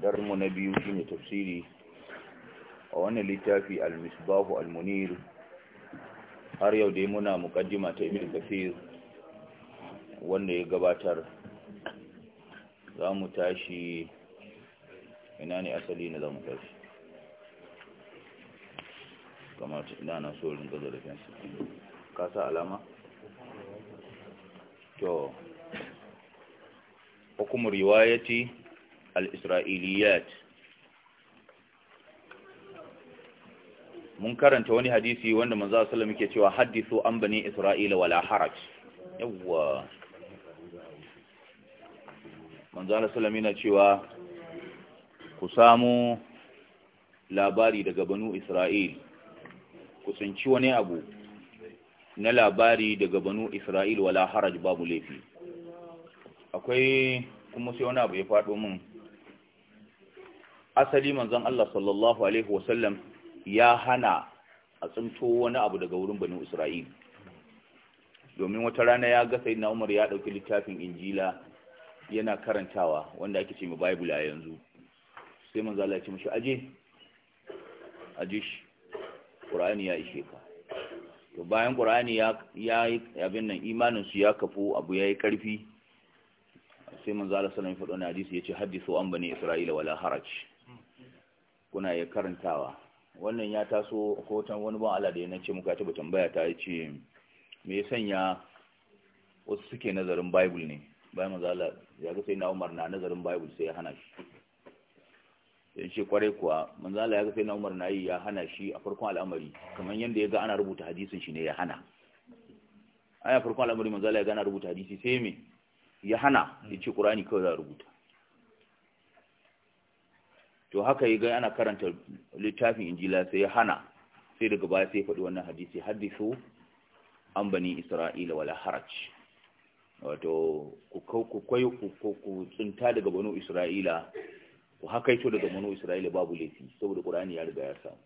darmu na biyu shine tafsiri a wannan littafi al-misbahu al-munir har yau dai muna mukaddima ta ibn kafir wanda ya gabatar za mu tashi ina ne asali na za mu tashi kamar ina na so ringa da fensi ka sa alama to hukumar riwayati al-isra'iliyat mun karanta wani hadisi wanda manzo sallallahu alaihi wasallam cewa hadithu an bani isra'ila wala haraj yawa manzo sallallahu alaihi wasallam yana cewa ku samu labari daga banu isra'il ku sunci wani abu na labari daga banu isra'il wala haraj babu laifi akwai kuma sai wani abu ya faɗo min asali manzon Allah sallallahu alaihi wasallam ya hana a tsinto wani abu daga wurin bani Isra'il domin wata rana ya ga sayyidina Umar ya dauki littafin Injila yana karantawa wanda ake ce mu Bible a yanzu sai manzo Allah ya ce mishi aje aje shi Qur'ani ya ishe ka to bayan Qur'ani ya ya abin nan imanin su ya kafu abu yayi karfi sai manzo Allah sallallahu alaihi wasallam ya faɗa na hadisi yace hadithu an bani Isra'ila wala haraj kuna ya karantawa wannan ya taso ko wani ban ala da yana ce muka taba tambaya ta ce me ya sanya wasu suke nazarin bible ne bayan manzo Allah ya ga sai na Umar na nazarin bible sai ya hana shi Ya ce kwarai kuwa manzo Allah ya ga sai na Umar na yi ya hana shi a farkon al'amari kamar yanda ya ga ana rubuta hadisin shi ne ya hana aya farkon al'amari manzo Allah ya ga ana rubuta hadisi sai me ya hana ya ce Qur'ani kawai za rubuta to haka yi ga ana karanta littafin injila sai ya hana sai daga baya sai faɗi wannan hadisi hadisu an bani isra'ila wala haraj wato ku kwayo ku tsinta daga banu isra'ila ku hakaito daga banu isra'ila babu laifi saboda qur'ani ya riga ya samu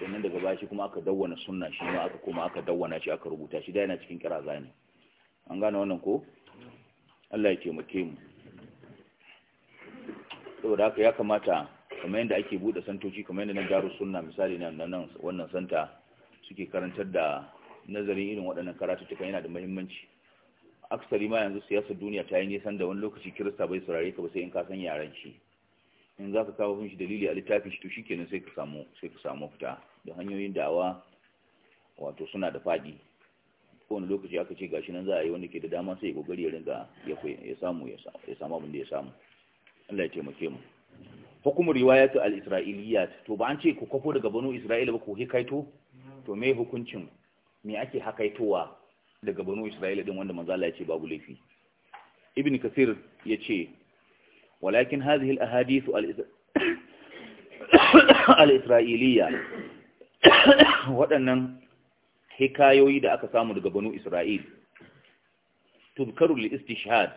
sannan daga baya shi kuma aka dawwana sunna shi ma aka koma aka dawwana shi aka rubuta shi da yana cikin kira zani an gane wannan ko Allah ya taimake mu saboda haka ya kamata kamar yadda ake buɗe santoci kamar yadda na jaru sunna misali na nan wannan santa suke karantar da nazarin irin waɗannan karatuttuka yana da muhimmanci aksari ma yanzu siyasar duniya ta yi nisan da wani lokaci kirista bai saurare ka ba sai in ka san yaren shi in za ka kawo fin shi dalili a littafin shi to shi kenan sai ka samu sai ka samu fita da hanyoyin dawa wato suna da faɗi kowane lokaci aka ce gashi nan za a yi wanda ke da dama sai ya kokari ya ringa ya samu ya samu abin da ya samu Allah ya taimake mu hukumar riwayatu al israiliya to ba an ce ku kwafo daga banu isra'ila ba ku hikaito to me hukuncin me ake hakaitowa daga banu isra'ila din wanda manzo Allah ya ce babu laifi ibn kasir ya ce walakin hadhihi al-ahadith al-isra'iliya waɗannan hikayoyi da aka samu daga banu isra'il tubkaru li istishhad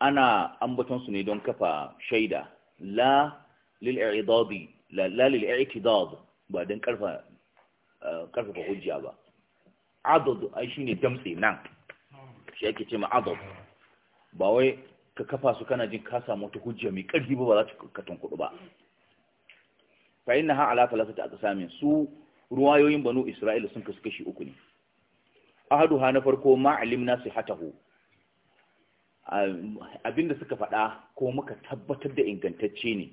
ana an batansu ne don kafa shaida la lil la ba don eh, karfafa hujja ba adad ai ne damtsi nan shi ce ma adad ba wai ka kafa su kana jin ka mota hujja mai karfi ba ba za ta katon kudu ba fa innaha ala thalathati aqsamin su ruwayoyin banu isra'ila sun kasu kashi uku ne ahaduha na farko ma alimna sihatahu abinda suka faɗa ko muka tabbatar da ingantacce ne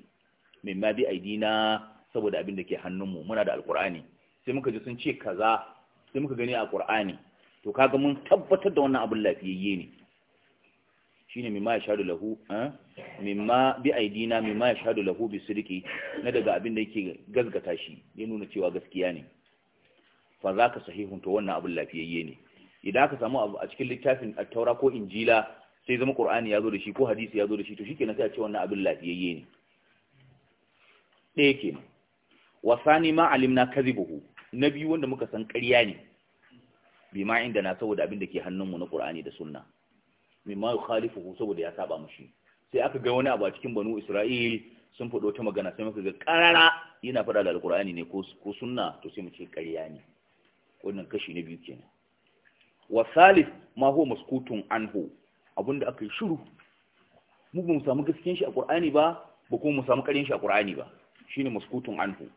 mai ma bi aidina saboda abinda ke hannunmu muna da alkur'ani sai muka ji sun ce kaza sai muka gani a alkur'ani to kaga mun tabbatar da wannan abin lafiyayye ne shine mimma yashhadu lahu eh? mimma bi aidina mimma shaɗu lahu bi sidqi na daga abinda yake gazgata shi ya nuna cewa gaskiya ne fa zaka sahihun to wannan abin lafiyayye ne idan aka samu a cikin littafin at-taura ko injila sai zama qur'ani ya zo da shi ko hadisi ya zo da shi to na sai a ce wannan abin lafiyayye ne ɗaya kenan wasani ma alimna buhu na biyu wanda muka san ƙarya ne bi ma inda na saboda abin da ke hannunmu na kur'ani da sunna khalifu yukhalifuhu saboda ya saba mushi sai aka ga wani abu a cikin banu isra'il sun faɗo ta magana sai muka ga ƙarara yana faɗa da alƙur'ani ne ko sunna to sai mu ce ƙarya ne wannan kashi na biyu kenan wa salif ma huwa maskutun anhu Abin da aka yi shiru mu ba mu samu gaskiyan shi a ƙur'ani ba ba kuma mu samu ƙarin shi a ƙur'ani ba Shi ne maskutun anhu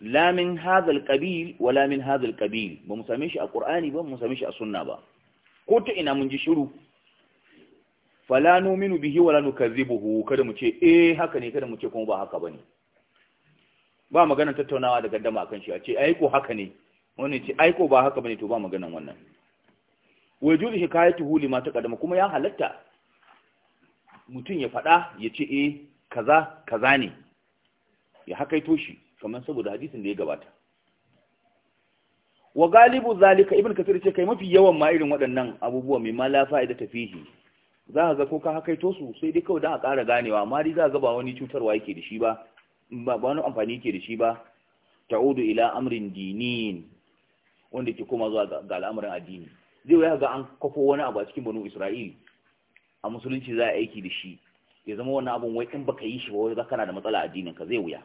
Lamin hazal ƙabil wa lamin hazal ƙabil. ba mu same shi a ƙur'ani ba mu same shi a sunna ba ko ta ina mun ji shiru fala nominu bihi wa la buhu. kada mu ce eh haka ne kada mu ce kuma ba haka bane ba maganar tattaunawa da gaddama akan shi a ce aiko haka ne wani ce aiko ba haka ne to ba maganar wannan wa yajuzu hikayatuhu lima taqaddama kuma ya halatta mutum ya faɗa ya ce eh kaza kaza ne ya hakaito shi kamar saboda hadisin da ya gabata wa galibu zalika ibn kasir ce kai mafi yawan ma irin waɗannan abubuwa mai ma fa'ida ta tafihi za ka ga ko ka hakaito su sai dai kawai don a ƙara ganewa amma dai za ka ga ba wani cutarwa yake da shi ba ba wani amfani yake da shi ba ta'udu ila amrin dinin wanda ke koma zuwa ga al'amarin addini zai waya ga an kafo wani abu a cikin banu isra'il a musulunci za a aiki da shi ya zama wani abu wai in baka yi shi ba wai za kana da matsala addinin ka zai wuya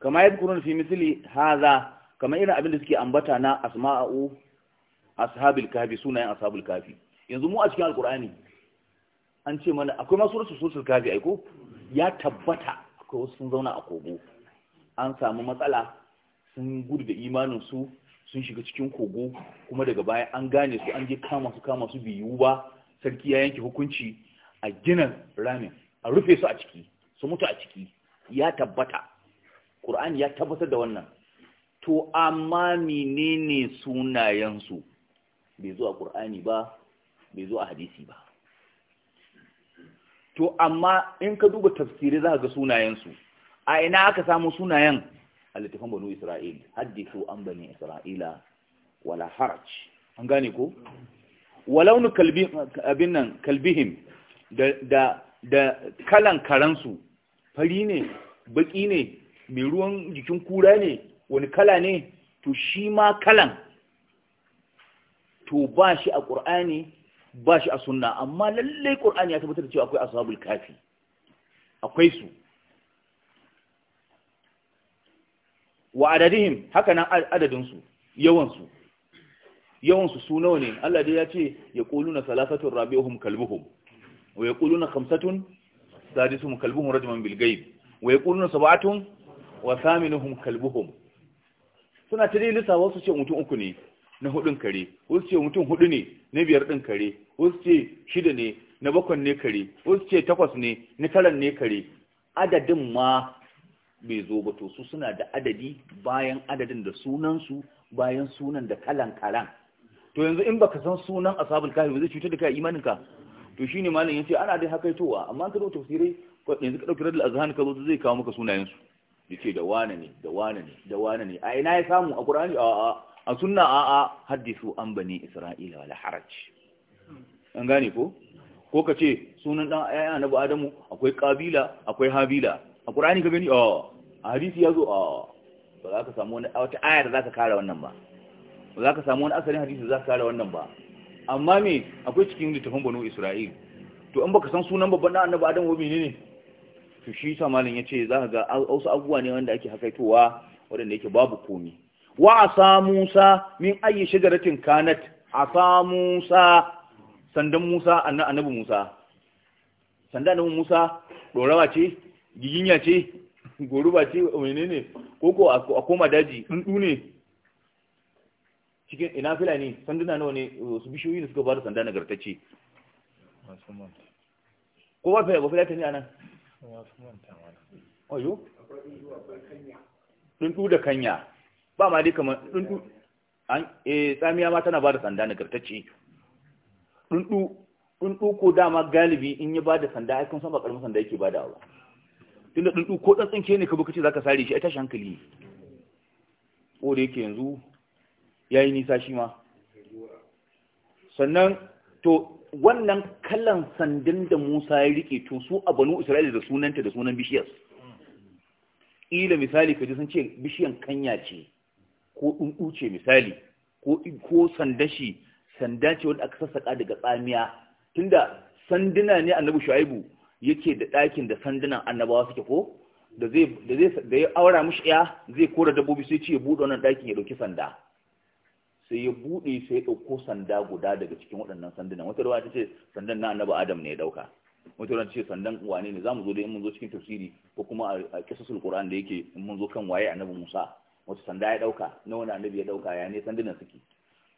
kama yadkurun fi misali haza kama irin abin da suke ambata na asma'u ashabul kahfi sunayen ashabul kahfi yanzu mu a cikin alqur'ani an ce mana akwai masu rasu sosul kahfi aiko ya tabbata akwai wasu sun zauna a kogo an samu matsala sun gudu da imanin su sun shiga cikin kogo kuma daga baya an gane su an je kama su kama su biyu ba sarki ya yanke hukunci a gina ramin a rufe su a ciki su mutu a ciki ya tabbata ƙur'ani ya tabbatar da wannan to amma menene sunayensu bai zo a ƙur'ani ba bai zo a hadisi ba to amma in ka duba tafsiri za ka ga sunayensu a ina aka samu sunayen a littafin banu isra'il haddisu an bani isra'ila wala haraj an gane ko walaunu kalbi abin nan kalbihim da kalan karansu fari ne baki ne mai ruwan jikin kura ne wani kala ne to shi ma kalan to ba shi a ƙur'ani ba shi a sunna amma lallai ƙur'ani ya tabbatar da cewa akwai asabul kafi akwai su wa adadihim haka nan adadinsu yawansu yawansu su nawa ne Allah dai ya ce ya kuluna salafatun rabi'uhum kalbuhum wa ya kuluna khamsatun sadisuhum kalbuhum rajman bil ghaib wa ya kuluna sab'atun wa thaminuhum kalbuhum suna ta dai wasu ce mutum uku ne na hudun kare wasu ce mutum hudu ne na biyar din kare wasu ce shida ne na bakwan ne kare wasu ce takwas ne na taran ne kare adadin ma bai zo ba to su suna da adadi bayan adadin da sunansu bayan sunan da kalan kalan to yanzu in baka san sunan ashabul kahf ba zai cutar da kai ka to shine ya yace ana dai hakaitowa amma ka zo tafsirai yanzu ka dauki radul azhan ka zo zai kawo maka sunayen su yace da wane ne da wane ne da wane ne a ina ya samu a qur'ani a a a sunna a a hadithu an bani isra'ila wala haraj an gane ko ko ka ce sunan dan ayyana ba adamu akwai kabila akwai habila a ƙur'ani ka gani oh. a hadisi ya zo a oh. ba za ka samu wani wata aya da za ka kare wannan ba ba za ka samu wani asalin hadisi da za ka kare wannan ba amma me akwai cikin littafin banu isra'il to in baka san sunan babban na annabu adam wabi ne ne to shi sa malam ya ce za ka ga wasu abubuwa ne wanda ake hakaitowa waɗanda yake babu komi wa asa musa min ayi shigaratin kanat asa musa sandan musa annabi musa sandan annabi musa dorawa ce giginya ce goruba ce wani ne koko a koma daji tsuntsu ne cikin ina fila ne sanduna nawa ne su bishiyoyi da suka ba da sanda nagartacce ko ba fila ba fila ta ne a nan Ayo? tsuntsu da kanya ba ma dai kamar tsuntsu an e tsamiya ma tana ba da sanda nagartacce tsuntsu tsuntsu ko dama galibi in yi ba da sanda ai kun san ba karamin sanda yake ba da ba tunda dudu ko dan tsinke ne ka buka ce zaka sare shi ai tashi hankali ko da yake yanzu yayi nisa shi ma sannan to wannan kallan sandan da Musa ya rike to su a banu Isra'ila da sunanta da sunan bishiyar ila misali ji sun ce bishiyan kanya ce ko dudu ce misali ko ko sandashi sanda ce wanda aka sassaka daga tsamiya tunda sanduna ne annabi Shu'aibu yake da ɗakin da sandunan annabawa suke ko da zai da ya aura mishi ya zai kora dabbobi sai ce ya buɗe wannan ɗakin ya ɗauki sanda sai ya buɗe sai ya ɗauko sanda guda daga cikin waɗannan sandunan wata rawa ta ce sandan na annaba adam ne ya ɗauka wata rawa ta ce sandan wane ne zamu zo da in mun zo cikin tafsiri ko kuma a kisasul qur'an da yake in mun zo kan waye annabi musa wata sanda ya ɗauka na wani annabi ya ɗauka ya ne sandunan suke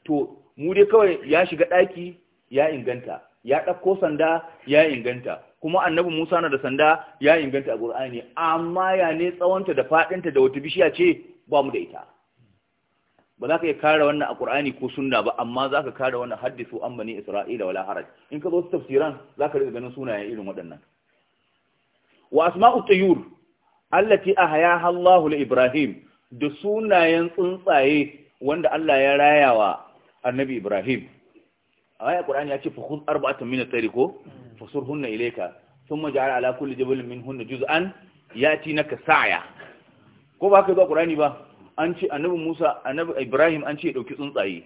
to mu dai kawai ya shiga ɗaki ya inganta ya ɗauko sanda ya inganta kuma annabi Musa na da sanda ya inganta a Qur'ani amma ya ne tsawonta da faɗinta da wata bishiya ce ba mu da ita ba za ka iya kare wannan a Qur'ani ko sunna ba amma za ka kare wannan haddisu an bani Isra'ila wala haraj in ka zo su tafsiran za ka riga ganin sunayen irin waɗannan wa asma'u tayur allati ahyaha Allahu li Ibrahim da sunayen tsuntsaye wanda Allah ya rayawa annabi Ibrahim waya qur'ani ya ce fa khudh arba'atan min at-tayri ko fasurhunna ilayka thumma ja'al ala kulli jabalin minhunna juz'an yati naka sa'ya ko ba ka zo qur'ani ba an ce annabi Musa annabi Ibrahim an ce ya dauki tsuntsaye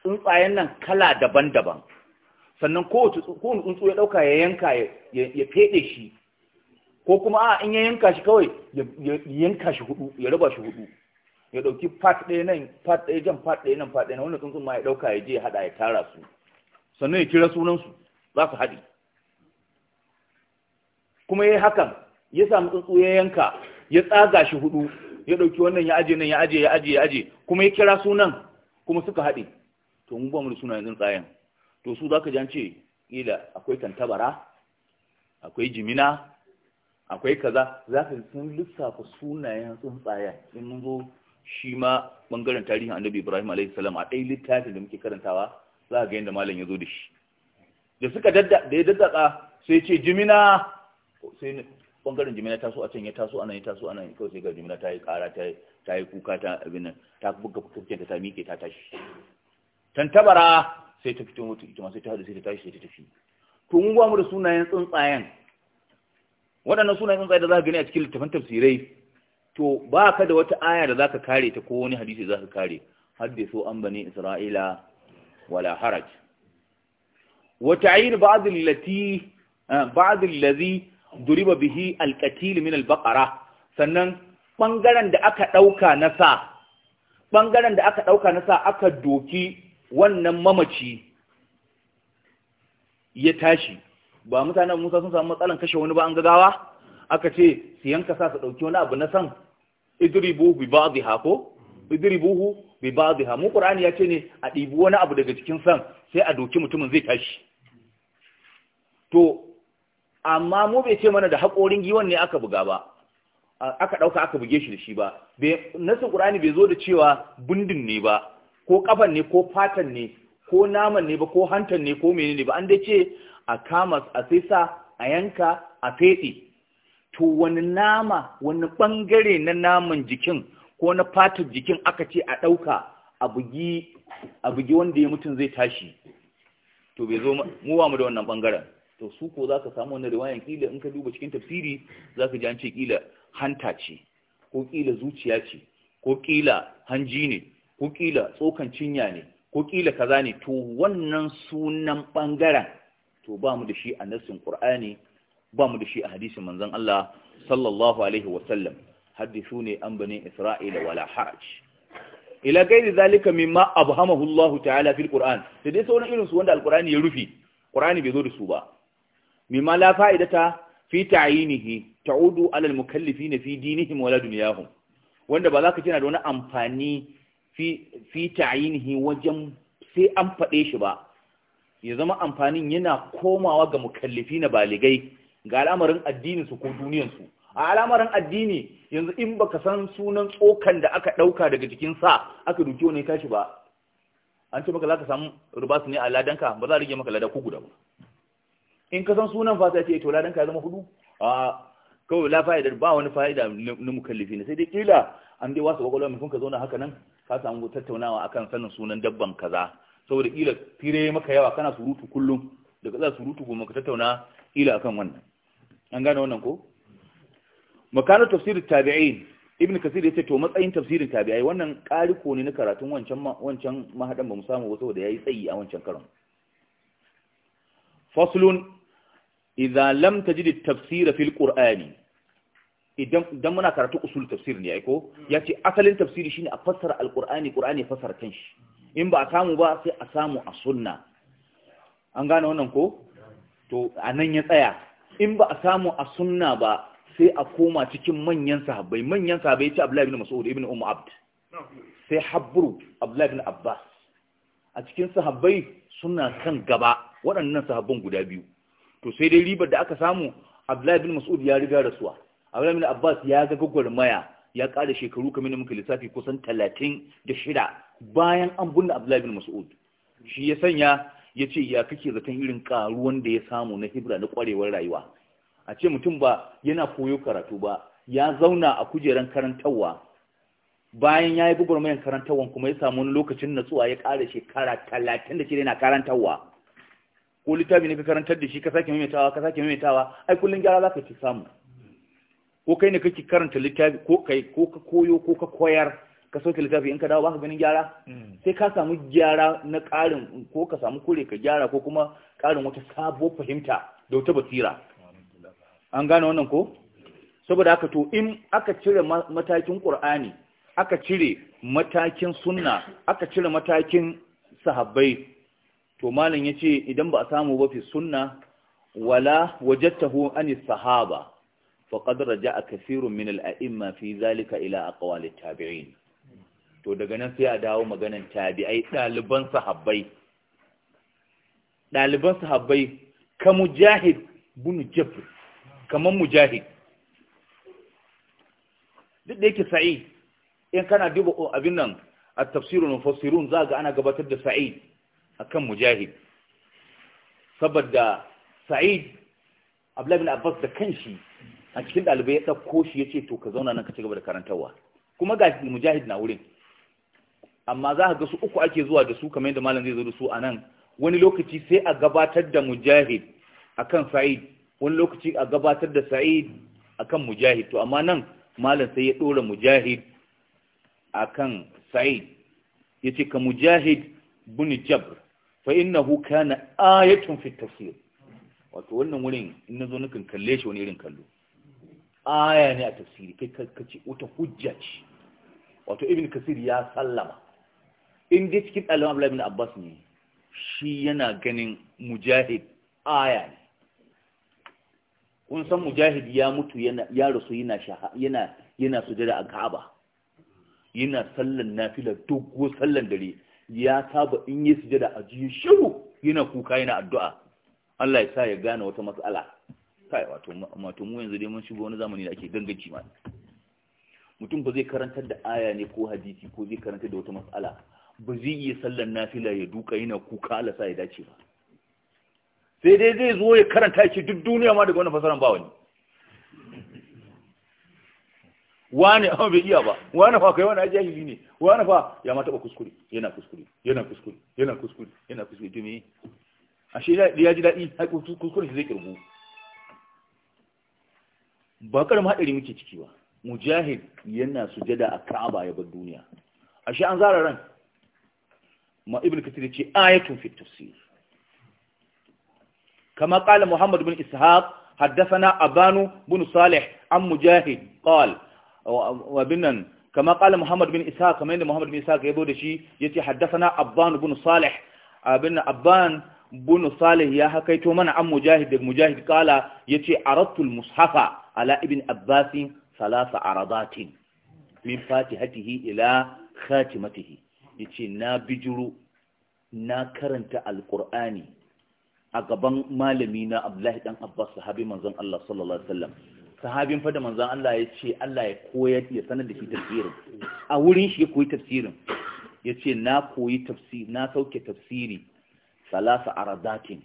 tsuntsayen nan kala daban-daban sannan kowace kowane tsuntsu ya dauka ya yanka ya fede shi ko kuma a in ya yanka shi kawai ya yanka shi hudu ya raba shi hudu ya dauki part ɗaya nan part ɗaya jan part ɗaya nan part ɗaya nan wanda tsuntsun ma ya dauka ya je ya hada ya tara su sannan ya kira sunan su za su haɗi kuma yayi hakan ya samu tsuntsu ya yanka ya tsaga shi hudu ya dauki wannan ya aje nan ya aje ya aje ya aje kuma ya kira sunan kuma suka haɗe to mu ba mu da sunayen tsuntsayen to su zaka ji an ce ƙila akwai tantabara akwai jimina akwai kaza za ka sun lissafa sunayen tsuntsayen in mun zo shi ma bangaren tarihin annabi ibrahim alaihi salam a ɗai littafin da muke karantawa za ga yadda malam ya zo da shi da suka dadda da ya daddaka sai ce jimina sai bangaren jimina ta so a can ya taso ana ya taso ana kawai sai ga jimina ta yi kara ta yi kuka ta abin nan ta buga fukarkenta ta miƙe ta tashi tantabara sai ta fito mutu ita sai ta hada sai ta tashi sai ta tafi to mun ba mu da sunayen tsuntsayen waɗannan sunayen tsuntsayen da za ka gani a cikin littafin tafsirai to ba ka da wata aya da za ka kare ta ko wani hadisi za ka kare haddisu an bani isra'ila wala haraj وتعيين بعض التي بعض الذي bihi به القتيل من sannan bangaren da aka ɗauka na sa bangaren da aka dauka na sa aka doki wannan mamaci ya tashi ba mutanen Musa sun samu matsalan kashe wani ba an gagawa aka ce su yanka sa su ɗauki wani abu na san idribuhu bi ko idribuhu bi mu qur'ani ya ce ne a dibi wani abu daga cikin san sai a doki mutumin zai tashi to amma mu bai ce mana da haƙorin giwon ne aka buga ba aka ɗauka aka buge shi da shi ba nasu ƙur'ani bai zo da cewa bundin ne ba ko kafan ne ko fatan ne ko naman ne ba ko hantan ne ko menene ba an dai ce a kama, a sai sa a yanka a feɗe to wani nama wani ɓangare na naman jikin ko na fatar jikin aka ce a ɗauka a bugi wanda ya mutum zai tashi to bai zo muwa mu da wannan ɓangaren to su ko za ka samu wani riwayan ƙila in ka duba cikin tafsiri za ka ji an ce ƙila hanta ce ko ƙila zuciya ce ko ƙila hanji ne ko ƙila tsokan cinya ne ko ƙila kaza ne to wannan sunan ɓangaren to ba mu da shi a nassin ƙur'ani ba mu da shi a hadisin manzon Allah sallallahu alaihi sallam hadithu ne an bani isra'ila wala haj ila gairi zalika mimma abhamahu Allah ta'ala fil Qur'an sai dai sauran irin su wanda alqur'ani ya rufe qur'ani bai zo da su ba mimma la fa'idata fi ta'yinihi ta'udu ala al-mukallifin fi dinihim wala dunyahum wanda ba za ka tana da wani amfani fi fi ta'yinihi wajen sai an fade shi ba ya zama amfanin yana komawa ga na baligai ga al'amarin addini su ko duniyan su a al'amarin addini yanzu in baka san sunan tsokan da aka dauka daga jikin sa aka duki wani tashi ba an ce maka za ka samu rubas ne a ladanka ba za a rage maka lada ko guda ba in ka san sunan sai ce to ladanka ya zama hudu a kawai la fa'ida ba wani fa'ida na mukallafi ne sai dai kila an dai wasu kwakwalwa mai ka zauna haka nan ka samu tattaunawa akan sanin sunan dabban kaza saboda kila fire maka yawa kana surutu kullum daga za surutu kuma ka tattauna kila akan wannan an gane wannan ko makana tafsirin tabi'in ibn kasir yace to matsayin tafsirin tabi'ai wannan kariko ne na karatun wancan wancan mahadan bamu samu ba saboda yayi tsayi a wancan karon faslun idza lam tajid at-tafsira fil qur'ani idan idan muna karatu usul tafsir ne ai ko yace asalin tafsiri shine a fassara al-qur'ani qur'ani fassara kanshi in ba a samu ba sai a samu a sunna an gane wannan ko to anan ya tsaya in ba a samu a sunna ba sai a koma cikin manyan sahabbai manyan sahabbai ce abdullahi ibn mas'ud ibn umm abd sai habburu abdullahi ibn abbas a cikin sahabbai suna kan gaba waɗannan sahabban guda biyu to sai dai ribar da aka samu abdullahi ibn mas'ud ya riga rasuwa abdullahi ibn abbas ya ga gwagwarmaya ya ƙara shekaru kamar muka lissafi kusan talatin da shida bayan an bunna abdullahi ibn mas'ud shi ya sanya ya ce ya kake zaton irin karuwan da ya samu na hibra na kwarewar rayuwa a ce mutum ba yana koyo karatu ba ya zauna a kujeran karantarwa bayan ya yi gugurmayan karantarwan kuma ya samu wani lokacin natsuwa ya ƙara shekara talatin da shida yana karantarwa ko littafi ne ka karantar da shi ka sake maimaitawa ka sake maimaitawa ai kullum gyara za ka ci samu ko kai ne kake karanta littafi ko kai ko ka koyo ko ka koyar ka soke littafi in ka dawo baka ganin gyara mm. sai ka samu gyara na ƙarin ko ka samu kure ka gyara ko kuma karin wata sabo fahimta da wata basira an gane wannan ko saboda haka to in aka cire matakin ƙur'ani aka cire matakin sunna aka cire matakin sahabbai to malam yace idan ba a samu ba fi sunna wala wajadtahu anis sahaba faqad raja'a kathirun min al-a'imma fi zalika ila aqwali tabi'in to daga nan sai a dawo maganan tabi'ai ɗaliban sahabbai ɗaliban sahabbai ka mujahid bunu jabr kaman mujahid duk da yake sa'id in kana duba abin nan a tafsirun mufassirun za ga ana gabatar da sa'id kan mujahid saboda sa'id abdullahi bin abbas da kanshi a cikin ɗalibai ya ɗauko shi ya ce to ka zauna nan ka ci gaba da karantarwa kuma ga mujahid na wurin amma za ka ga su uku ake zuwa da su kamar yadda malam zai zo da su a nan wani lokaci sai a gabatar da mujahid a kan sa'id wani lokaci a gabatar da sa'id kan mujahid to amma nan malam sai ya ɗora mujahid a kan sa'id ya ce ka mujahid bin jabr fa innahu kana ayatun fi tafsir wato wannan wurin in na zo nukan kalle shi wani irin kallo aya ne a tafsiri kai ka ce wata hujja ce wato ibn kasir ya sallama in dai cikin ɗalibin Abdullahi bin Abbas ne shi yana ganin mujahid aya ne kun san mujahid ya mutu ya rasu yana yana yana sujada a Ka'aba yana sallan nafila dogo sallan dare ya saba in yi sujada a jiyo shiru yana kuka yana addu'a Allah ya sa ya gane wata matsala kai wato wato mu yanzu dai mun shigo wani zamani da ake ganganci ma mutum ba zai karantar da aya ne ko hadisi ko zai karantar da wata matsala ba zai iya sallan nafila ya duka yana kuka alasa sa ya dace ba sai dai zai zo ya karanta shi duk duniya ma daga wannan fasaran ba wani wani amma bai iya ba wani fa kai wani ajahili ne wani fa ya ma taba kuskure yana kuskure yana kuskure yana kuskure yana kuskure to me ashe ya ji daɗi har kuskure shi zai kirgu ba karam haɗari muke ciki ba mujahid yana sujada a ka'aba ya bar duniya ashe an zara ran ma ibn kathir yace ayatun fi tafsir kama qala muhammad ibn ishaq haddathana abanu ibn salih am mujahid qal kama qala muhammad ibn ishaq kama muhammad ibn ishaq yabo da shi yace haddathana abban ibn salih abin abban ibn salih ya hakaito mana am mujahid daga mujahid qala yace aradtu al mushafa ala ibn abbas salasa aradat min fatihatihi ila khatimatihi yace na bijiro na karanta alqur'ani a gaban malami na Abdullahi dan Abbas sahabi manzon Allah sallallahu alaihi wasallam sahabin fa da manzon Allah yace Allah ya koyar ya sanar da shi tafsirin a wurin shi ya koyi tafsirin yace na koyi tafsir na sauke tafsiri salasa a aradatin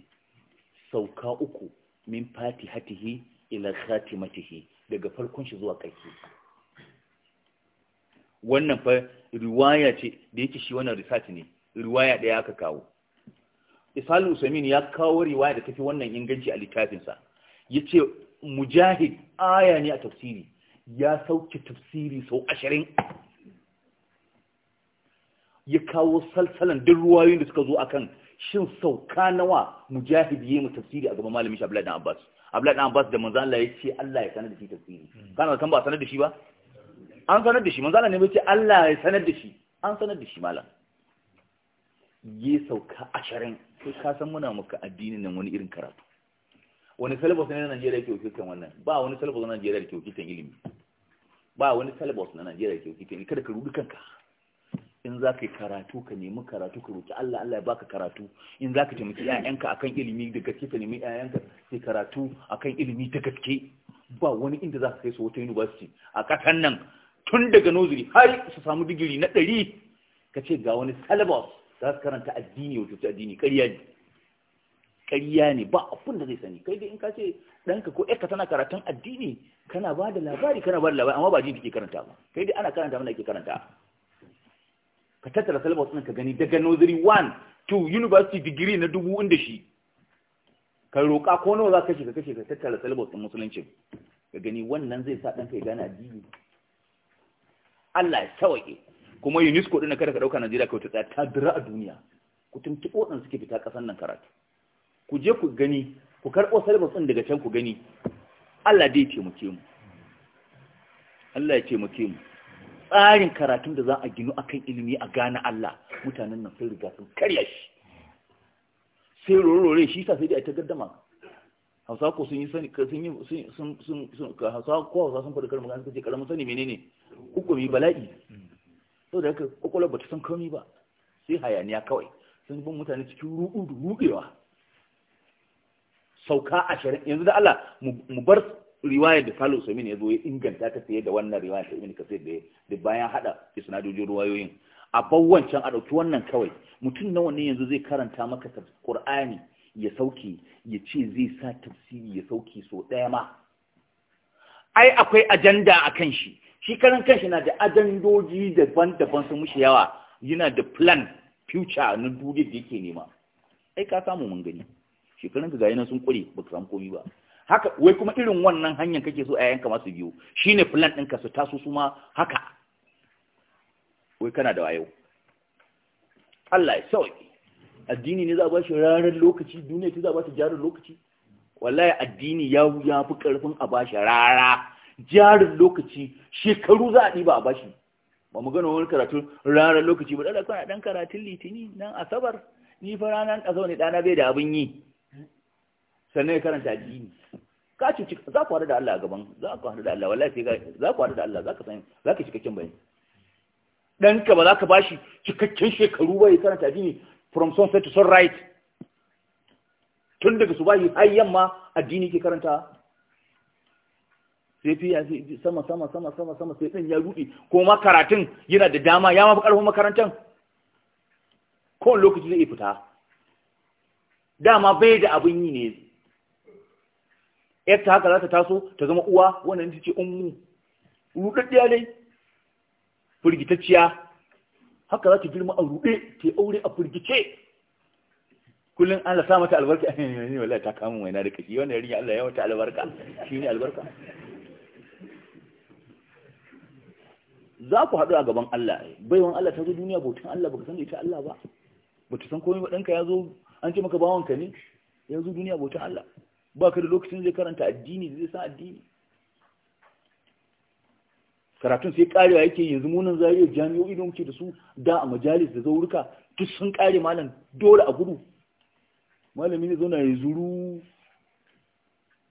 sauka uku min fatihatihi ila khatimatihi daga farkon shi zuwa ƙarshe wannan fa riwaya ce da yake shi wannan research ne riwaya ɗaya aka kawo isalu usamin ya kawo riwaya da tafi wannan inganci a littafinsa ya ce mujahid aya ne a tafsiri ya sauke tafsiri sau ashirin ya kawo salsalan duk ruwayoyin da suka zo akan shin sauka nawa mujahid ya yi mu tafsiri a gaban malamin shi Abdullahi dan Abbas Abdullahi dan Abbas da manzo Allah ya ce Allah ya sanar da shi tafsiri hmm. kana san ba sanar da shi ba an sanar da shi manzo Allah ne bace Allah ya sanar da shi an sanar da shi malam ya sauka ashirin sai ka san muna muka addinin nan wani irin karatu wani salibus na Najeriya ke wakiltan wannan ba wani salibus na Najeriya ke wakiltan ilimi ba wani salibus na Najeriya ke wakiltan ilimi kada ka rubi kanka in za ka yi karatu ka nemi karatu ka roki Allah Allah ya baka karatu in za ka taimaki ƴaƴanka akan ilimi da gaske ka nemi ƴaƴanka sai karatu akan ilimi ta gaske ba wani inda za ka kai su wata university a ƙasar nan tun daga nozuri har su samu digiri na ɗari ka ce ga wani salabas za su karanta addini wato ta addini ƙarya ne ƙarya ne ba abin da zai sani kai dai in ka ce ɗanka ko ƴarka tana karatun addini kana ba da labari kana ba da labari amma ba addini take karanta ba kai dai ana karanta mana ake karanta ka tattara salabas ɗin ka gani daga nozuri 1 to university digiri na dubu inda shi ka roƙa ko nawa za ka kashe ka kashe ka tattara salabas ɗin musulunci ka gani wannan zai sa ɗanka ya gane addini Allah ya sauke kuma UNESCO din kada ka dauka Najeriya kai ta ta dira a duniya ku tuntubo dan suke fita kasan nan karatu ku je ku gani ku karbo salbus din daga can ku gani Allah dai ya taimake mu Allah ya muke mu tsarin karatun da za a ginu akan ilimi a gane Allah mutanen nan sun riga sun karya shi sai rorore shi sa sai dai a ta gaddama hausa ko sun yi sani sun yi sun sun hausa ko hausa sun faɗi karin magana suka ce karamin sani menene hukumi bala'i da haka kwakwalwar ba ta san komai ba sai hayaniya kawai sun bin mutane cikin ruɗu da ruɗewa sauka ashirin yanzu da Allah mu bar riwaya da Salo Usaimin ya zo ya inganta ta fiye da wannan riwaya ta Ibn Kathir da da bayan hada isnadojin ruwayoyin a bawancan a dauki wannan kawai mutum nawa ne yanzu zai karanta maka Qur'ani ya sauke ya ce zai sa tafsiri ya sauke so ɗaya ma ai akwai ajanda a kan shi shi karan kanshi na da ajandoji daban-daban sun mushi yawa yana da plan future na duniyar da yake nema ai ka samu mun gani shekarun ka gayi sun kure ba samu komi ba haka wai kuma irin wannan hanyar kake so a yanka masu biyu shine plan ɗinka su taso su ma haka wai kana da wayo Allah ya sauke addini ne za a ba shi ranar lokaci duniya ce za a ba shi jarin lokaci wallahi addini ya ya fi karfin a ba shi rara jarin lokaci shekaru za a ɗiba a ba shi ba mu gano wani karatu ranar lokaci ba da kwana ɗan karatun litini nan asabar ni fa ranar ƙasa zaune ɗana bai da abin yi sannan ya karanta addini ka ci za ku haɗu da Allah a gaban za ku haɗu da Allah wallahi sai za ku haɗu da Allah za ka san za ka cikakken bayani ɗanka ba za ka bashi cikakken shekaru ba ya karanta addini from sunset to sunrise tun daga su bayi har yamma addini ke karanta sai fi sama sama sama sama sama sai din ya ruɗe ko ma karatun yana da dama ya mafi ƙarfin makarantar ko lokaci zai fita dama bai da abin yi ne ta haka za ta taso ta zama uwa wannan ta ce ummu ruɗaɗɗiya dai firgitacciya haka za ta girma a ruɗe ta aure a firgice kullum Allah sa mata albarka ne wallahi ta kama waina da kashi wannan yarinya Allah ya wata albarka shi ne albarka za ku haɗu a gaban Allah baiwan Allah ta zo duniya bautan Allah baka san ita Allah ba ba ta san komai ba ɗanka ya zo an ce maka bawanka ne ya zo duniya bautan Allah ba ka da lokacin zai karanta addini zai san addini karatun sai karewa yake yanzu munan zariya jami'o'i da muke da su da a majalis da zaurika duk sun kare malam dole a gudu malami ne zauna ya zuru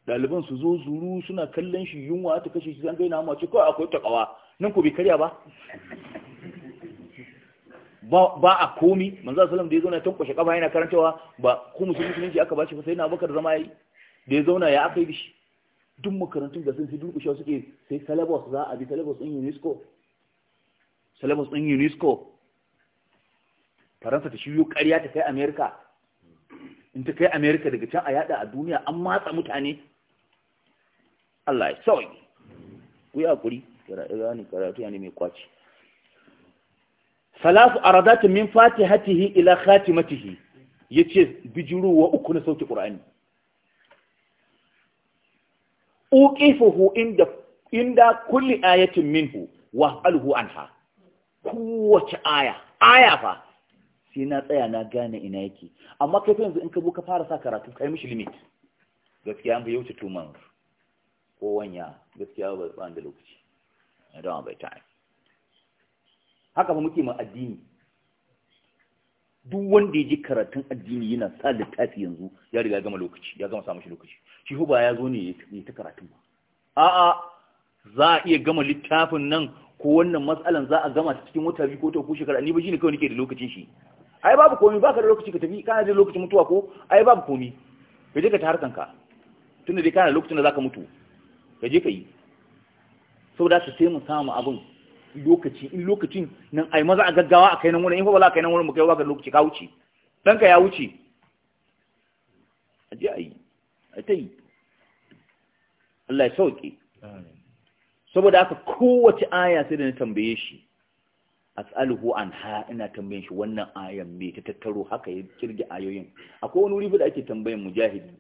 ɗaliban su zo zuru suna kallon shi yunwa ta kashe shi zan gaina mace kawai akwai takawa nan ko bai karya ba ba a komi manzo salam da ya zauna tankwashe kafa yana karantawa ba ko musulmi musulunci aka bashi fa sai na bakar zama yi da ya zauna ya aka yi da shi duk makarantun da sun fi durkushe suke sai salabos za a bi salabos ɗin unesco salabos ɗin unesco faransa ta shiyo ƙarya ta kai amerika in ta kai amerika daga can a yada a duniya an matsa mutane allah ya sauyi ku yi haƙuri gani karatu ya ne mai kwaci salafu radatun min fatihatihi ila khatimatihi ce bijiruwa uku na sauke ƙura'ani uqifuhu inda inda kulli ayatin minhu wa alhu anha kowace aya aya fa sai na tsaya na gane ina yake amma kai yanzu in ka buka fara sa karatu kai mishi limit gaskiya ba yau ta months ko wanya gaskiya ba da lokaci I don't have time haka ba muke ma addini duk wanda ya ji karatun addini yana sa littafi yanzu ya riga gama lokaci ya gama samun shi lokaci shi ba ya zo ne ya ta karatun ba a'a za a iya gama littafin nan ko wannan matsalan za a gama ta cikin wata biyu ko ta ko shekara ni ba shi ne kawai nake da lokacin shi ai babu komi baka da lokaci ka tafi kana da lokacin mutuwa ko ai babu komi ka je ka ta harkan ka tunda dai kana da lokacin da zaka mutu ka je ka yi saboda su sai mu samu abin lokaci in lokacin nan ai maza a gaggawa a kai nan wurin in fa ba za a kai nan wurin mu kai ba ka lokaci ka wuce ka ya wuce a ai a yi a ta yi Allah ya sauke saboda haka kowace aya sai da na tambaye shi as'aluhu an ha ina tambayen shi wannan ayan me ta tattaro haka ya kirge ayoyin akwai wani wuri da ake tambayan mujahidi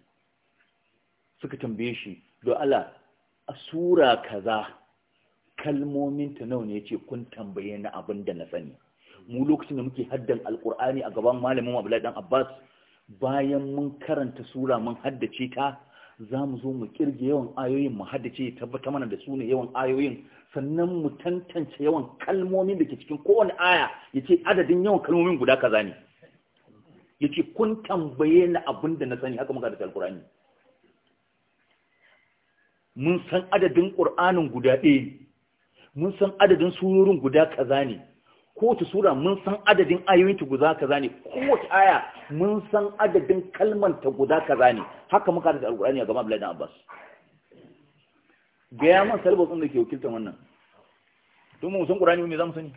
suka tambaye shi don Allah a sura kaza kalmomin ta nawa ne yace kun tambaye ni abin da na sani mu lokacin da muke haddan alqur'ani a gaban malamin Abdullahi dan Abbas bayan mun karanta sura mun haddace ta za mu zo mu kirge yawan ayoyin mu haddace tabbata mana da su ne yawan ayoyin sannan mu tantance yawan kalmomin da ke cikin kowane aya ya ce adadin yawan kalmomin guda kaza ne ya kun tambaye na abin da na sani haka muka da alqur'ani mun san adadin qur'anin guda ɗaya mun san adadin surorin guda kaza ne kowace sura mun san adadin ayoyinta guda kaza ne kowace aya mun san adadin kalmanta guda kaza ne haka muka da ne a gama biladan abbas gaya man salibus sun da ke wakiltar wannan tun mu san ƙur'ani me za mu sani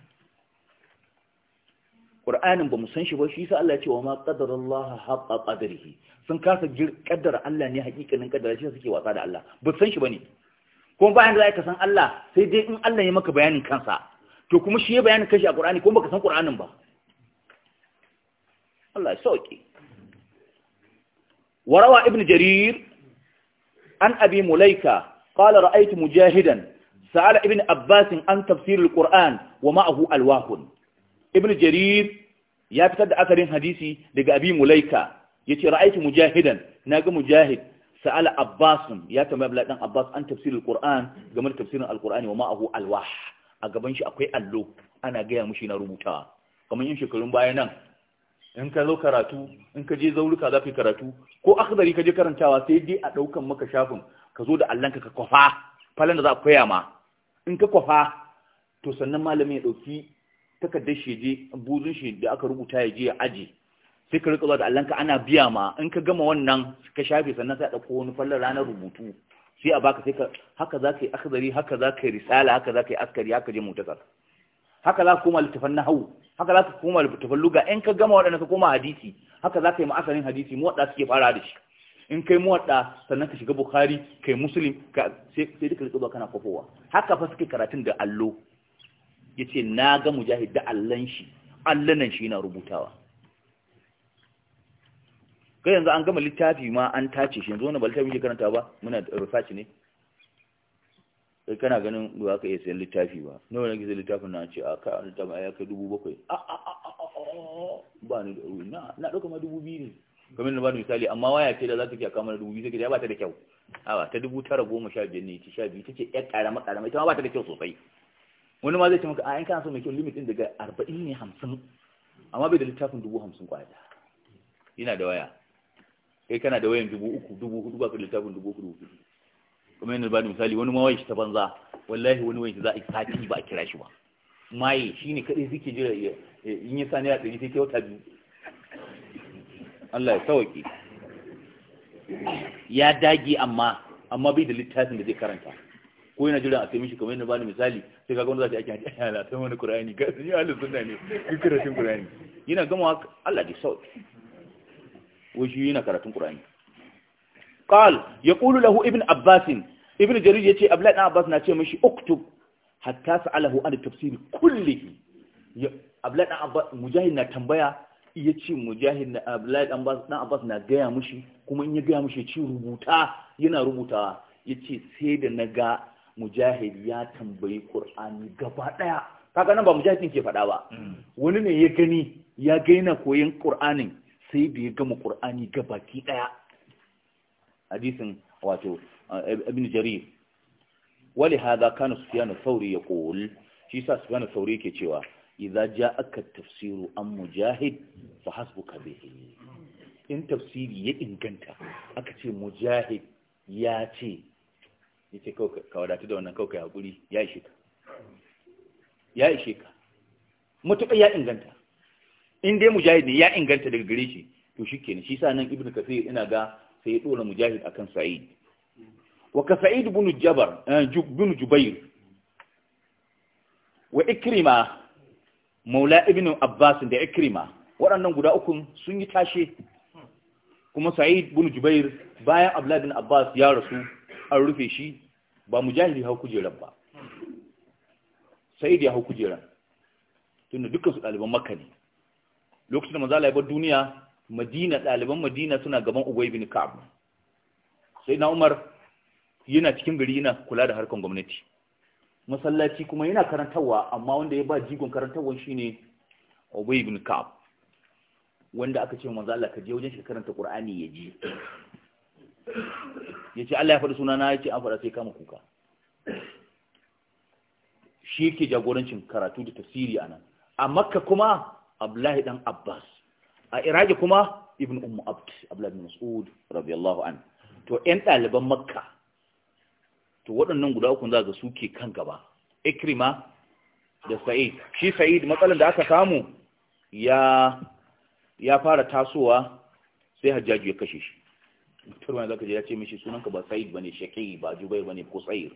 ƙur'anin ba mu san shi ba shi sa Allah ya ce wa ma qadarallahu haqqa qadrihi sun kasa jir kaddara Allah ne hakikanin kaddara shi suke wasa da Allah ba san shi bane kuma bayan da za san Allah sai dai in Allah ya maka bayanin kansa to kuma shi ya bayanin kashi a Qur'ani kuma baka san Qur'anin ba Allah ya sauke warawa ibn jarir an abi mulaika qala ra'aytu mujahidan sa'ala ibn abbas an tafsir al wa ma'ahu alwahun ibn jarir ya fitar da asarin hadisi daga abi mulaika yace ra'aytu mujahidan naga mujahid sa'ala abbasun ya tambaya bala ɗan abbas an tafsirul qur'an game da tafsirin alqur'ani wa ma'ahu alwah a gaban shi akwai allo ana gaya mushi na rubutawa kamar yin shekarun baya nan in ka zo karatu in ka je zaurika za ka yi karatu ko akhdari ka je karantawa sai dai a ɗaukan maka shafin ka zo da allanka ka kwafa falan da za a koya ma in ka kwafa to sannan malamin ya ɗauki takardar shi je buzun shi da aka rubuta ya je ya aje sai ka rika zuwa da ka ana biya ma in ka gama wannan ka shafe sannan sai a ɗauko wani fallar ranar rubutu sai a baka sai ka haka za ka yi akadari haka za ka yi risala haka za ka yi askari haka je mutasar haka za ka koma littafan hau haka za ka koma littafan luga in ka gama waɗannan ka koma hadisi haka za ka yi ma'asarin hadisi muwaɗa suke fara da shi in kai muwaɗa sannan ka shiga bukari ka yi musulun sai duka rika zuwa kana kofowa haka fa suke karatun da allo ya ce na ga mujahid da allan shi allanan shi yana rubutawa kai yanzu an gama littafi ma an tace shi yanzu wani ba littafi ke karanta ba muna da research ne sai kana ganin ba ka iya sayan littafi ba na wani gizo littafin na ce a ka littafi ya kai dubu bakwai a a a a ba ni na na dauka ma dubu biyu ne kamar na ba ni misali amma waya ce da za ta ke a kamar dubu biyu sai ka ya ba ta da kyau awa ta dubu tara goma sha biyar ne ta sha biyu ta ce ya karama karama ita ma ba ta da kyau sosai wani ma zai ce maka a kana so mai kyau limit daga arba'in ne hamsin amma bai da littafin dubu hamsin kwaya yana da waya kai kana da wayan dubu uku dubu hudu ba ka littafin dubu hudu kuma yana ba da misali wani mawai shi ta banza wallahi wani wayan shi za a sati ba a kira shi ba maye shi ne kaɗai suke jira in yi sani a ɗari sai kai wata biyu Allah ya sauke ya dage amma amma bai da littafin da zai karanta ko yana jira a taimishi kamar yana ba da misali sai kaga wanda za ta yi ake ana ta wani kurani ga sun yi halin sunna ne duk kurani yana gama Allah ya sauke wajen yi yana karatun ƙal ya ƙulu lahu ibn abbasin ibn jarir ce abdullahi dan abbas na ce mashi oktub hatta sa'alahu an tafsir kullihi abdullahi dan abbas mujahid na tambaya yace mujahid na abdullahi dan abbas na gaya mashi kuma in ya gaya mishi ce rubuta yana rubutawa yace sai da na ga mujahid ya tambayi ƙur'ani gaba ɗaya kaga nan ba mujahid ke faɗa ba mm. wani ne ya gani ya gaina koyin ƙur'anin sai da ya gama qur'ani baki ɗaya. hadisin wato abin eh, jarir wali hada kana sauri ya yaqul shi sa na sauri yake cewa ja aka tafsiru an mujahid fa hasbuka bai. in tafsiri ya inganta aka ce mujahid ya ce yace ka wadatu da wannan kawai haƙuri. ya ishe ka ya ishe ka mutuƙa ya inganta in dai mujahid ne ya inganta daga gare shi to shikenan shi sa nan ibnu kafir ina ga sai ya dora mujahid akan sa'id wa ka sa'id ibn jabar eh, ibn jubair wa ikrima maula ibn abbas da ikrima waɗannan guda uku sun yi tashe kuma sa'id ibn jubair bayan abdullah ibn abbas ya rasu an rufe shi ba mujahid ya hau kujerar ba sa'id ya hau kujerar tunda dukkan su ɗaliban makka ne lokacin da manzo Allah ya bar duniya Madina ɗaliban Madina suna gaban Ubay bin Ka'ab sai na Umar yana cikin gari yana kula da harkan gwamnati masallaci kuma yana karantarwa amma wanda ya ba jigon karantawan shine Ubay bin Ka'ab wanda aka ce manzo Allah ka je wajen shi karanta Qur'ani ya ji yace Allah ya faɗi suna sunana yace an faɗa sai kama kuka shi yake jagorancin karatu da tafsiri anan a Makka kuma abdullahi dan abbas a iraki kuma ibn Umm abd abdullahi bin mas'ud radiyallahu an to ɗan ɗaliban makka to waɗannan guda uku za ga suke kan gaba ikrima da sa'id shi sa'id matsalan da aka samu ya ya fara tasowa sai hajjaji ya kashe shi turma zaka je ya ce mishi sunanka ba sa'id bane shaqi ba Jubair bane ko sa'ir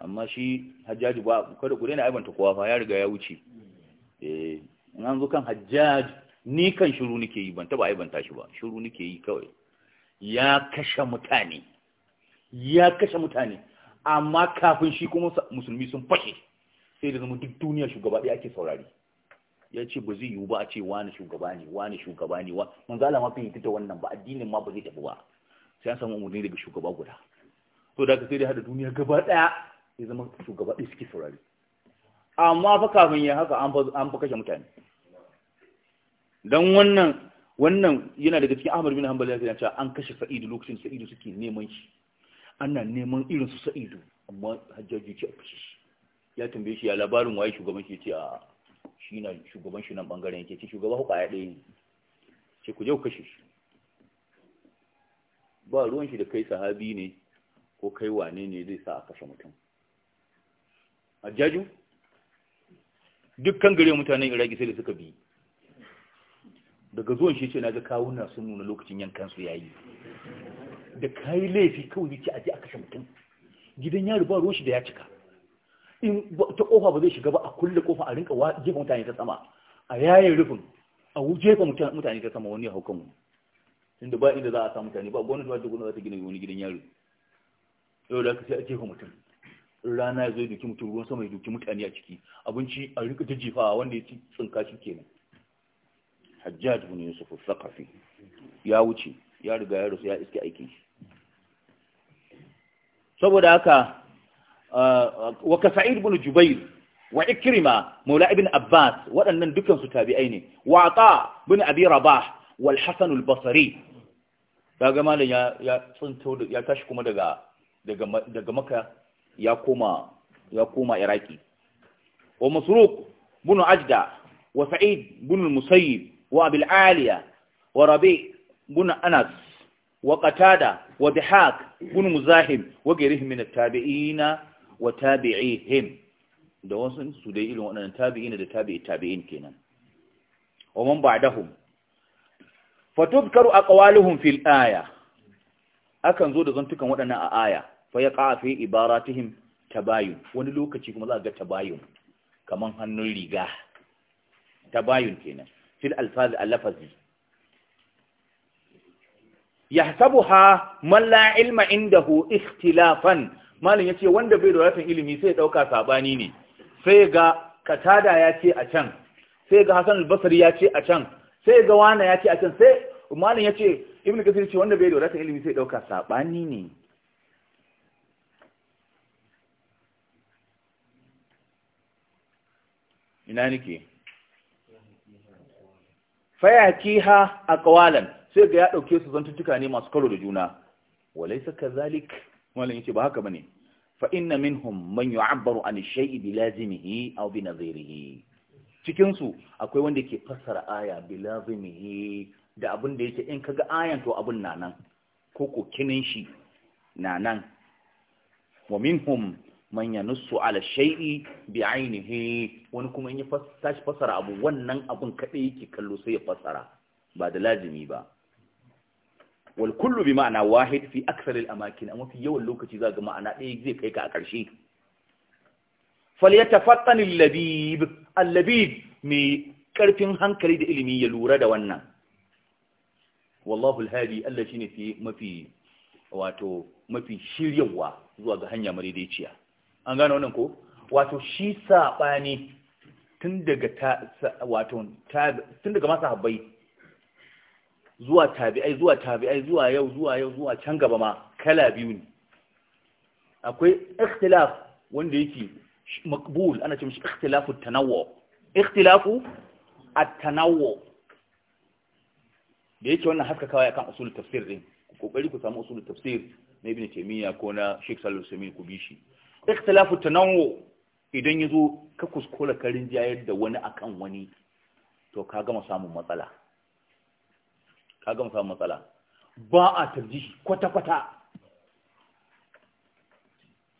amma shi hajjaji ba kada ku daina aibanta kowa fa ya riga ya wuce eh in zo kan hajjaj ni kan shiru nake yi ban taba ban shi ba shiru nake yi kawai ya kashe mutane ya kashe mutane amma kafin shi kuma musulmi sun fashe sai da zama duk duniya shugaba ɗaya ake saurari ya ce ba zai yiwu ba a ce wani shugaba ne wani shugaba ne Mun zala ma fiye ta wannan ba addinin ma ba zai tafi ba sai an samu umarni daga shugaba guda to da ka sai da hada duniya gaba ɗaya ya zama shugaba ɗaya suke saurari amma fa kafin ya haka an fa kashe mutane don wannan wannan yana daga cikin ahmad bin hanbali ya cewa an kashe sa'idu lokacin sa'idu suke neman shi ana neman irin su sa'idu amma hajjaji ce a shi ya tambaye shi ya labarin waye shugaban shi ce a shi na shugaban shi nan bangaren yake ce shugaba hukwa ya ɗaya ce ku je ku kashe shi ba ruwan shi da kai sahabi ne ko kai wane ne zai sa a kashe mutum hajjaju dukkan gare mutanen iraki sai da suka bi daga zuwan shi ce na ga kawuna sun nuna lokacin yankan su yayi da kayi laifi kawai yake aje aka kashe mutum gidan yari ba ruwan shi da ya cika in ta kofa ba zai shiga ba a kulle kofa a rinka jefa mutane ta sama a yayin rufin a jefa mutane ta sama wani haukan mu inda ba inda za a sa mutane ba gwamnati ba ta gwamnati za ta gina wani gidan yari yau da aka sai a jefa mutum rana ya zai duki mutum ruwan sama ya duki mutane a ciki abinci a rika ta jifawa wanda ya ci tsinka shi nan hajjaj bin yusuf al-thaqafi ya wuce ya riga ya rusa ya iske aikin shi saboda haka wa ka sa'id bin jubair wa ikrima maula ibn abbas waɗannan dukkan su tabi'ai ne wa ata bin abi rabah wal hasan al basri daga malam ya ya tsinto ya tashi kuma daga daga daga maka ya koma ya koma iraki wa masruq bin ajda wa sa'id bin musayyib wa abul aliya wa rabi bin anas wa qatada wa dihak bin muzahim wa ghayrihim min at-tabi'ina wa tabi'ihim da wasu su dai irin waɗannan tabi'ina da tabi'i tabi'in kenan wa man ba'dahum fatuzkaru aqwaluhum fil aya akan zo da zantukan waɗannan a aya fa ya qafi ibaratihim tabayun wani lokaci kuma za ga tabayun kaman hannun riga tabayun kenan fil alfaz alafazi lafazi yahsabuha man la ilma indahu ikhtilafan malin yace wanda bai da watan ilimi sai ya dauka sabani ne sai ga katada ya ce a can sai ga hasan al yace ya ce a can sai ga wana ya ce a can sai malin yace ibnu kasir ce wanda bai da watan ilimi sai ya dauka sabani ne ina nake fayakiha aqwalan sai ga ya dauke su zantuttuka ne masu karo da juna walaysa kadhalik wannan yace ba haka bane fa inna minhum man yu'abbaru an shay'i bi lazimihi aw bi nadhirihi cikin su akwai wanda yake fassara aya bi lazimihi da abin da yake in kaga ayan to abin nanan ko kokinin shi nanan wa minhum man nusu ala shai'i bi ainihi wani kuma in ya tashi fasara abu wannan abun kaɗai yake kallo sai ya fasara ba da lazimi ba wal kullu bi ma'ana wahid fi Aksar al amakin amma fi yawan lokaci za ga ma'ana ɗaya zai kai ka a ƙarshe falyatafattan al-labib al mai karfin hankali da ilimi ya lura da wannan wallahu al-hadi Allah shine fi mafi wato mafi shiryawa zuwa ga hanya madaidaiciya an gano wannan ko wato shi sabani tun daga wato tun daga masa habbai zuwa tabi'ai zuwa tabi'ai zuwa yau zuwa yau zuwa can gaba ma kala biyu ne akwai ikhtilaf wanda yake makbul ana cewa ikhtilafu tanawwu ikhtilafu at-tanawwu da yake wannan haska kawai akan usul tafsir din kokari ku samu usul tafsir na ibn taymiya ko na sheikh sallallahu alaihi wasallam ku bi shi ikhtilafu tanawu idan yazo ka kuskura karin jayar da wani akan wani to ka gama samun matsala ka gama samun matsala ba a tarjihi kwata kwata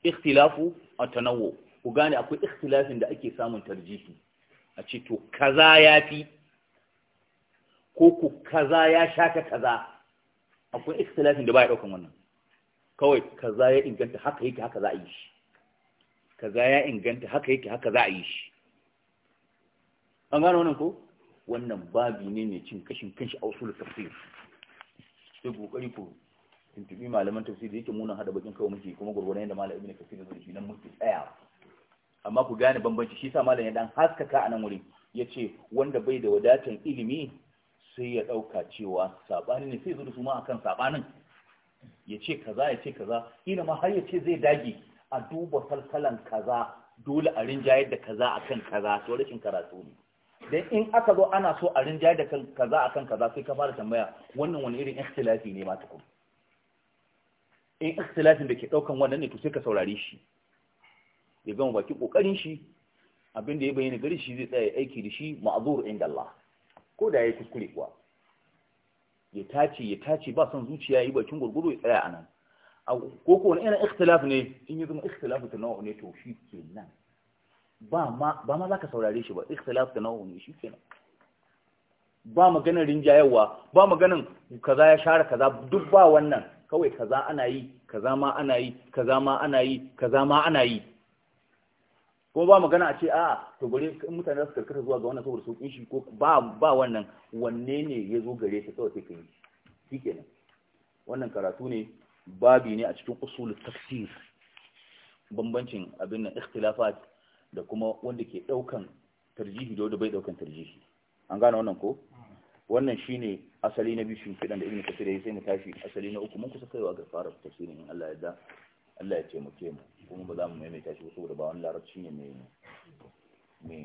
ikhtilafu tanawu ku gane akwai ikhtilafin da ake samun tarjihi a ce to kaza yafi ko ku kaza ya shaka kaza akwai ikhtilafin da ba ya daukan wannan kawai kaza ya inganta haka yake haka za a yi shi kaza ya inganta haka yake haka za a yi shi an gano wannan ko wannan babi ne mai cin kashin kanshi a usul tafsir sai kokari ko tuntubi malaman tafsir da yake muna hada bakin kawai muke kuma gurgurdan da malamin ibnu kafir da shi nan muke tsaya amma ku gane bambanci shi sa malam ya dan haskaka a nan wurin yace wanda bai da wadatan ilimi sai ya dauka cewa sabani ne sai zuwa su ma akan sabanin yace kaza yace kaza Ina ma har yace zai dage a duba salsalan kaza dole a rinjayar da kaza akan kaza to rashin karatu ne dan in aka zo ana so a rinjayar da kaza akan kaza sai ka fara tambaya wannan wani irin ikhtilafi ne ma ku in ikhtilafin da ke daukan wannan ne to sai ka saurare shi ya gama baki kokarin shi abin da ya bayyana gari shi zai tsaya aiki da shi ma'zur inda Allah ko da yayi kuskure kuwa ya tace ya tace ba son zuciya yi bakin gurguru ya tsaya anan ko ko wani irin ikhtilaf ne in yi zama ikhtilaf ta nawa ne to shi ke nan ba ma za ka saurare shi ba ikhtilaf ta nawa ne shi ke nan ba maganin rinjayewa ba maganin kaza ya share kaza duk ba wannan kawai kaza ana yi kaza ma ana yi kaza ma ana yi kaza ma ana yi ko ba magana a ce a to bari mutane su karkata zuwa ga wannan saboda sauƙin shi ko ba ba wannan wanne ne ya zo gare ta kawai sai ka yi shi nan wannan karatu ne babi ne a cikin usulul tafsir bambancin abin nan ikhtilafat da kuma wanda ke daukan tarjihi da wanda bai daukan tarjihi an gane wannan ko wannan shine asali na bishin kidan da ibnu kasir yayi sai mu tashi asali na uku mun kusa kaiwa ga fara tafsirin in Allah ya da Allah ya taimake mu kuma ba za mu maimaita shi saboda ba wani larabci ne mai